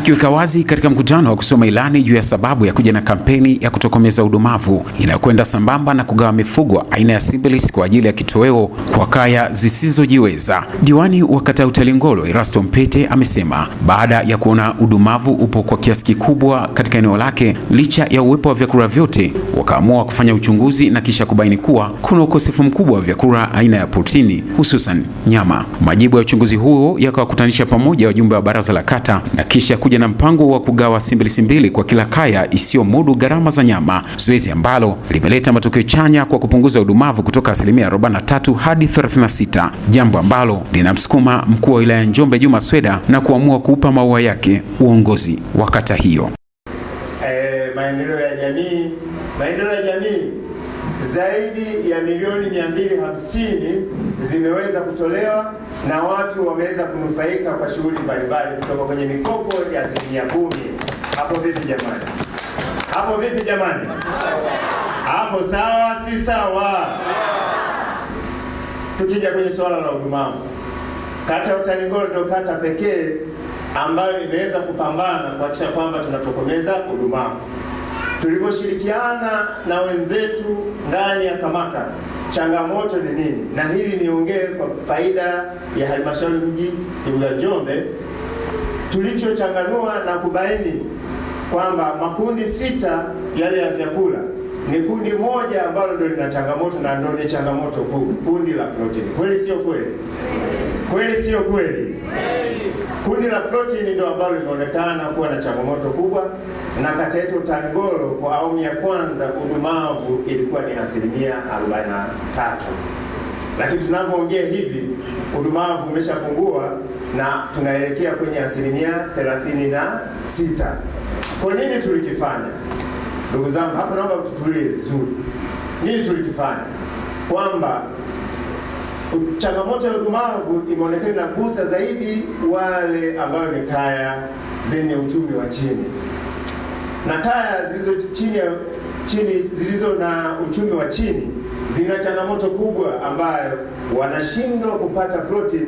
akiweka wazi katika mkutano wa kusoma ilani juu ya sababu ya kuja na kampeni ya kutokomeza udumavu inayokwenda sambamba na kugawa mifugo aina ya Simbilisi kwa ajili ya kitoweo kwa kaya zisizojiweza. Diwani wa kata ya Utalingolo Erasto Mpete amesema baada ya kuona udumavu upo kwa kiasi kikubwa katika eneo lake licha ya uwepo wa vyakula vyote, wakaamua kufanya uchunguzi na kisha kubaini kuwa kuna ukosefu mkubwa wa vyakula aina ya protini hususan nyama. Majibu ya uchunguzi huo yakawakutanisha pamoja wajumbe wa baraza la kata na kisha kuja na mpango wa kugawa simbili simbili kwa kila kaya isiyomudu gharama za nyama, zoezi ambalo limeleta matokeo chanya kwa kupunguza udumavu kutoka asilimia 43 hadi 36, jambo ambalo linamsukuma mkuu wa wilaya Njombe Juma Sweda na kuamua kuupa maua yake uongozi wa kata hiyo. Eh, maendeleo ya jamii, maendeleo ya jamii zaidi ya milioni 250 zimeweza kutolewa na watu wameweza kunufaika kwa shughuli mbalimbali kutoka kwenye mikopo ya asilimia kumi. Hapo vipi jamani? Hapo vipi jamani? Hapo sawa, si sawa? Tukija kwenye suala la udumavu, kata ya Utalingolo ndio kata pekee ambayo imeweza kupambana kuhakikisha kwamba tunatokomeza udumavu tulivyoshirikiana na wenzetu ndani ya Kamaka, changamoto ni nini? Na hili niongee kwa faida ya halmashauri mji ya Njombe. Tulichochanganua na kubaini kwamba makundi sita yale ya vyakula ni kundi moja ambalo ndio lina changamoto na ndio ni changamoto kuu, kundi la protini. Kweli sio kweli? Kweli sio kweli? la protini ndio ambalo limeonekana kuwa na changamoto kubwa, na kata yetu Utalingolo kwa awamu ya kwanza udumavu ilikuwa ni asilimia 43, lakini tunavyoongea hivi udumavu umeshapungua na tunaelekea kwenye asilimia 36. Kwa nini tulikifanya? Ndugu zangu, hapo naomba tutulie vizuri. Nini tulikifanya? Kwamba changamoto ya udumavu imeonekana inagusa zaidi wale ambayo ni kaya zenye uchumi wa chini na kaya zilizo chini ya chini zilizo na uchumi wa chini zina changamoto kubwa ambayo wanashindwa kupata protein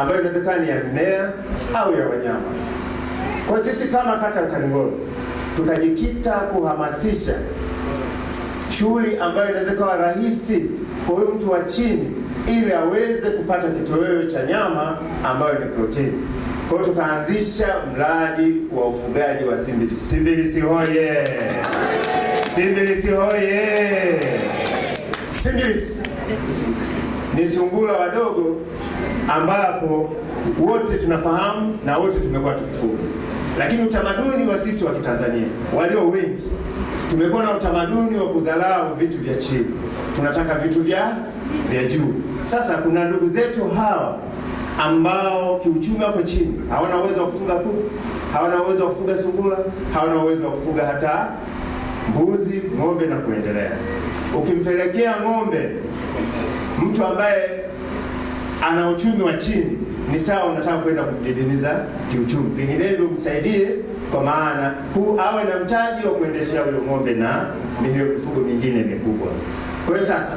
ambayo inawezekana ya mimea au ya wanyama. Kwa sisi kama kata ya Utalingolo tukajikita kuhamasisha shughuli ambayo inaweza kuwa rahisi kwa huyu mtu wa chini ili aweze kupata kitoweo cha nyama ambayo ni protini. Kwa hiyo tukaanzisha mradi wa ufugaji wa simbilisi. Simbilisi hoye! Simbilisi hoye! Simbilisi ni sungura wadogo ambapo wote tunafahamu na wote tumekuwa tukifuga, lakini utamaduni wa sisi wa Kitanzania walio wengi tumekuwa na utamaduni wa kudharau vitu vya chini, tunataka vitu vya vya juu. Sasa kuna ndugu zetu hawa ambao kiuchumi wako chini, hawana uwezo wa kufuga kuku, hawana uwezo wa kufuga sungura, hawana uwezo wa kufuga hata mbuzi, ng'ombe na kuendelea. Ukimpelekea ng'ombe mtu ambaye ana uchumi wa chini, ni sawa unataka kwenda kumdidimiza kiuchumi. Vinginevyo msaidie, kwa maana huu awe na mtaji wa kuendeshea huyo ng'ombe na mifugo mingine mikubwa. Kwa hiyo sasa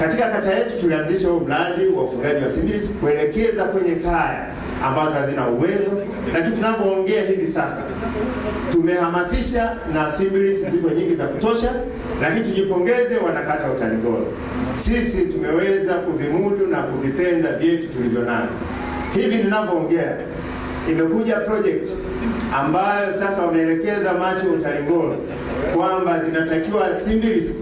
katika kata yetu tulianzisha huo mradi wa ufugaji wa simbilisi kuelekeza kwenye kaya ambazo hazina uwezo, lakini tunavyoongea hivi sasa tumehamasisha na simbilisi ziko nyingi za kutosha, lakini tujipongeze wanakata Utalingolo, sisi tumeweza kuvimudu na kuvipenda vyetu tulivyo navyo. Hivi ninavyoongea imekuja project ambayo sasa wameelekeza macho Utalingolo kwamba zinatakiwa simbilisi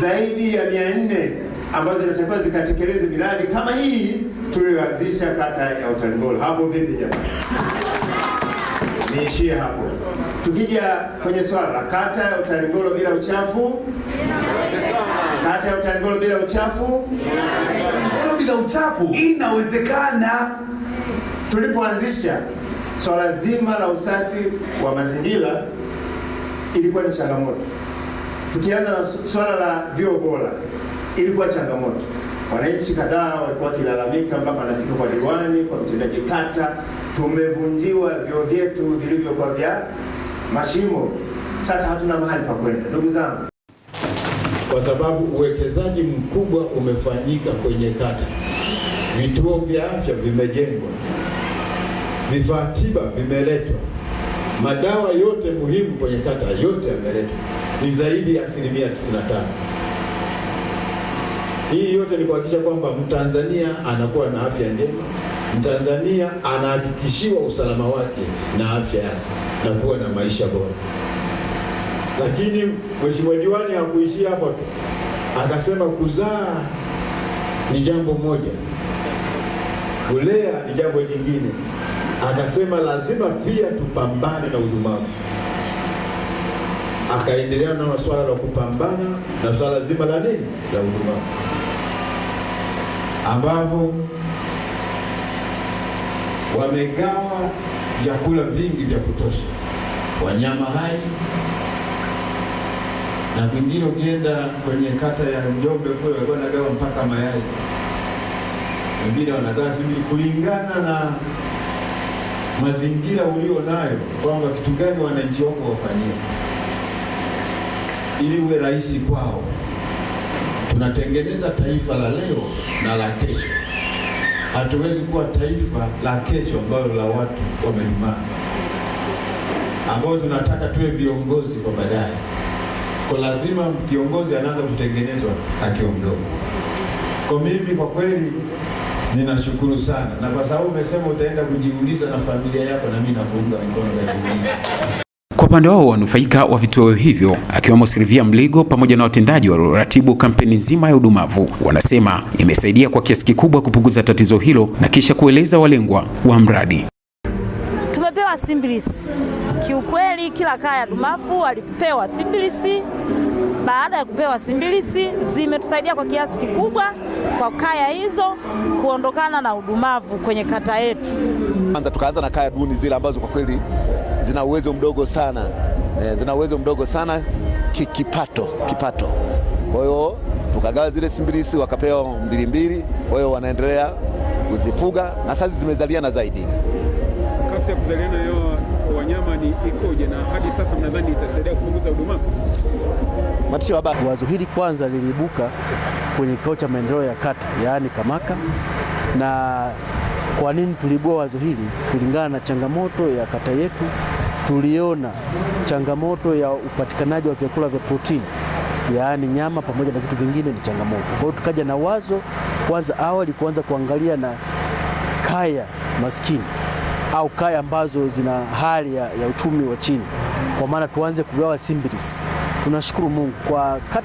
zaidi ya mia nne ambazo zinatakiwa zikatekeleze miradi kama hii tuliyoanzisha kata ya Utalingolo. Hapo vipi jamani? Niishie hapo. Tukija kwenye swala la kata ya Utalingolo bila uchafu, kata ya Utalingolo bila uchafu, Utalingolo bila uchafu inawezekana. Tulipoanzisha swala zima la usafi wa mazingira ilikuwa ni changamoto, tukianza na swala la vyoo bora ilikuwa changamoto. Wananchi kadhaa walikuwa wakilalamika mpaka wanafika kwa diwani, kwa mtendaji kata, tumevunjiwa vyoo vyetu vilivyokuwa vya mashimo, sasa hatuna mahali pa kwenda. Ndugu zangu, kwa sababu uwekezaji mkubwa umefanyika kwenye kata, vituo vya afya vimejengwa, vifaa tiba vimeletwa, madawa yote muhimu kwenye kata yote yameletwa, ni zaidi ya asilimia 95. Hii yote ni kuhakikisha kwamba Mtanzania anakuwa na afya njema, Mtanzania anahakikishiwa usalama wake na afya yake na kuwa na maisha bora. Lakini mheshimiwa diwani hakuishia hapo tu, akasema kuzaa ni jambo moja, kulea ni jambo jingine. Akasema lazima pia tupambane na udumavu. Akaendelea na swala la kupambana na swala zima la nini la udumavu ambapo wamegawa vyakula vingi vya kutosha, wanyama hai na kwingine. Ukienda kwenye kata ya Njombe kule walikuwa wanagawa mpaka mayai, wengine wanagawa sibili kulingana na mazingira ulio nayo, kwamba kitu gani wananchi wako wafanyie ili uwe rahisi kwao tunatengeneza taifa la leo na la kesho. Hatuwezi kuwa taifa la kesho ambalo la watu wamelimaa, ambao tunataka tuwe viongozi kwa baadaye. Kwa lazima kiongozi anaanza kutengenezwa akiwa mdogo. Kwa mimi kwa kweli ninashukuru sana, na kwa sababu umesema utaenda kujiuliza na familia yako, na mimi nakuunga mkono kujiuliza. Kwa upande wao wanufaika wa vituo hivyo akiwemo Silvia Mligo pamoja na watendaji walioratibu kampeni nzima ya udumavu, wanasema imesaidia kwa kiasi kikubwa kupunguza tatizo hilo na kisha kueleza walengwa wa mradi. Tumepewa simbilisi. Kiukweli kila kaya dumavu walipewa simbilisi. Baada ya kupewa simbilisi zimetusaidia kwa kiasi kikubwa kwa kaya hizo kuondokana na udumavu kwenye kata yetu. Kwanza tukaanza na kaya duni zile ambazo kwa kweli zina uwezo mdogo sana eh, zina uwezo mdogo sana kipato kipato. Kwa hiyo tukagawa zile simbilisi wakapewa mbili mbili, kwa hiyo wanaendelea kuzifuga na sasa zimezaliana zaidi. Kasi ya kuzaliana hiyo wanyama ni ikoje, na hadi sasa mnadhani itasaidia kupunguza udumavu? Matisha baba, wazo hili kwanza liliibuka kwenye kikao cha maendeleo ya kata, yaani Kamaka. Na kwa nini tuliibua wazo hili? Kulingana na changamoto ya kata yetu tuliona changamoto ya upatikanaji wa vyakula vya protini, yaani nyama pamoja na vitu vingine ni changamoto. Kwa hiyo tukaja na wazo kwanza, awali kuanza kuangalia na kaya maskini au kaya ambazo zina hali ya, ya uchumi wa chini, kwa maana tuanze kugawa Simbiris. Tunashukuru Mungu kwa kata